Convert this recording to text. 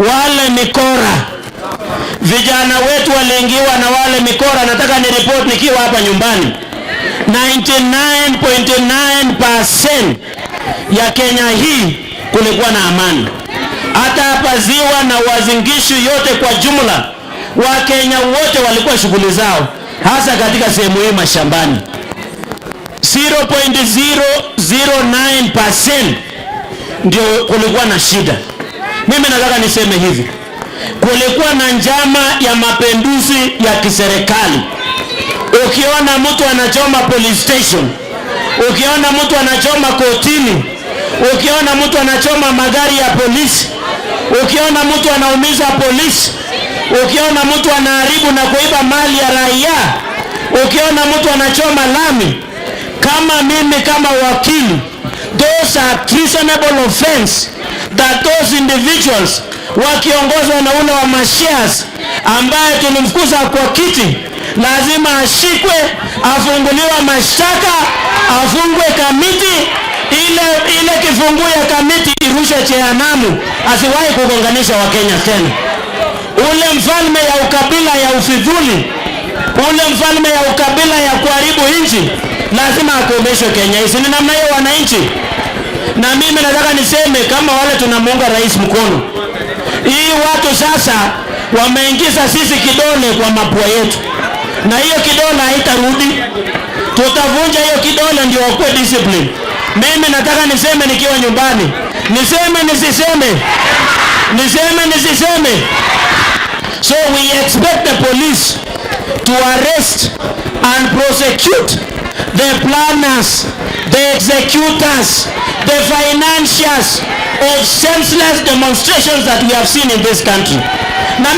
wale mikora. Vijana wetu waliingiwa na wale mikora. Nataka ni report nikiwa hapa nyumbani, 99.9% ya Kenya hii kulikuwa na amani. Hata hapa Ziwa na Wazingishu yote kwa jumla, Wakenya wote walikuwa shughuli zao, hasa katika sehemu hii mashambani. 0.009% ndio kulikuwa na shida. Mimi nataka niseme hivi, kulikuwa na njama ya mapinduzi ya kiserikali. Ukiona mtu anachoma police station, ukiona mtu anachoma kotini, ukiona mtu anachoma magari ya polisi, ukiona mtu anaumiza polisi, ukiona mtu anaharibu na kuiba mali ya raia, ukiona mtu anachoma lami, kama mimi kama wakili, those are treasonable offense that those individuals wakiongozwa na ule wa mashias ambaye tulimfukuza kwa kiti, lazima ashikwe, afunguliwa mashtaka, afungwe kamiti ile ile, kifungu ya kamiti irushe jehanamu, asiwahi kugonganisha Wakenya tena. Ule mfalme ya ukabila ya ufidhuli, ule mfalme ya ukabila ya kuharibu nchi lazima akomeshwe Kenya. hizi ni namna hiyo wananchi na mimi nataka niseme kama wale tunamuunga rais mkono, hii watu sasa wameingiza sisi kidole kwa mapua yetu, na hiyo kidole haitarudi, tutavunja hiyo kidole ndio wakuwe discipline. Mimi nataka niseme nikiwa nyumbani, niseme nisiseme, niseme nisiseme. So we expect the police to arrest and prosecute the planners the executors, the financiers of senseless demonstrations that we have seen in this country. Na